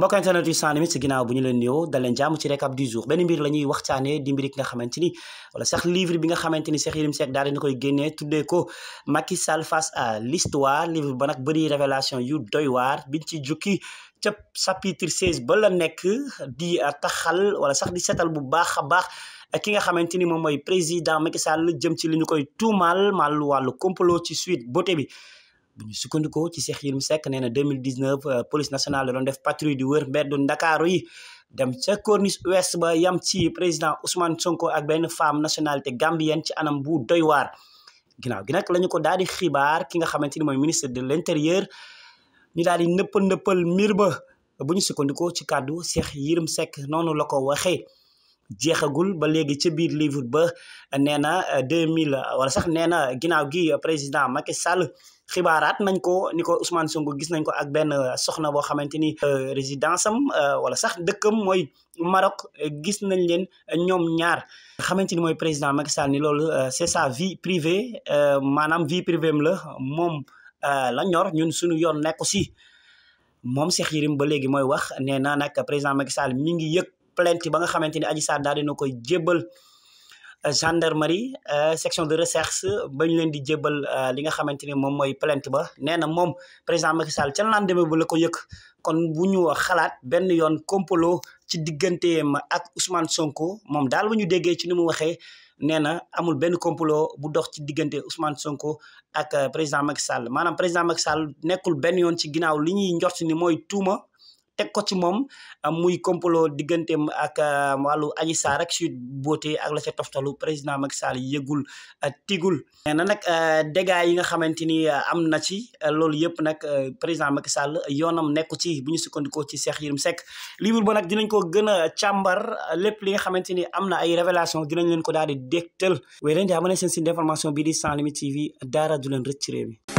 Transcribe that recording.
mbokk internet yu sans limite ginnaaw bu ñu leen nuyoo da leen jàmm ci récap du jour benn mbir la ñuy waxtaanee di mbir ki nga xamante ni wala sax livre bi nga xamante ni daal dina koy génnee tuddee ko Macky Sall face à l'histoire livre ba nag bëri révélation yu doy waar biñ ci jukki ca chapitre 16 ba la nekk di taxal wala sax di seetal bu baax a baax ki nga xamante ni moom mooy président Macky Sall jëm ci li ñu koy tuumaal mal wàllu complot ci suite bote bi bu ñu sukkandikoo ci Cheikh Yérim Seck nee na 2019 euh, police nationale la doon def patrouille di wër mbeddu Ndakaaru yi dem ca corniche ouest ba yam ci président Ousmane Sonko ak benn femme nationalité gambienne ci anam bu doy waar ginnaaw gi nag la ko daal di xibaar ki nga xamante ni mooy ministre de l' intérieur ñu daal di nëppal nëppal mbir ba bu ñu sukkandikoo ci kàddu Cheikh Yérim Seck noonu la ko waxee. jeexagul ba léegi ca biir livre ba nee na euh, deux mille wala sax nee na ginnaaw gi président Macky Sall xibaaraat nañ ko ni ko Ousmane Sonko gis nañ ko ak benn euh, soxna boo xamante ni euh, résidence am wala sax dëkkam mooy Maroc gis nañ leen ñoom ñaar xamante ni mooy président Macky Sall ni loolu c'est sa vie privée maanaam vie privée la moom la ñor ñun suñu yoon nekku si moom Cheikh Yérim ba léegi mooy wax nee na nag président Macky Sall mi ngi yëg plainte ba nga xamante ni Adji Sarr daal dina koy jébbal euh, gendarmerie euh, section de recherche ba leen di jébbal euh, li nga xamante ni moom mooy plainte ba nee na moom président Macky Sall ca lan demee bu la ko yëkk kon bu ñu xalaat benn yoon complot ci digganteem ak Ousmane Sonko moom daal bu ñu déggee ci ni mu waxee nee na amul benn complot bu dox ci diggante Ousmane Sonko ak président Macky Sall maanaam président Macky Sall nekkul benn yoon ci ginnaaw li ñuy njort ni mooy tuuma. teg ko ci moom euh, muy complot digganteem ak euh, wàllu Adji saa ak Sweet boote ak la ca toftalu président Macky Sall yëgul euh, tigul nee na nag dégâts yi nga xamante ni am na ci loolu yëpp nag président makk Sall yoonam nekku ci bu ñu sukkandikoo ci Cheikh Yérim Seck livre ba nag dinañ ko gën a càmbar lépp li nga xamante ni am na ay révélation dinañ leen ko daal di dégtal wéy leen di abonné seen site d'information bi di sans limite tv daara du leen rëcc ci réew mi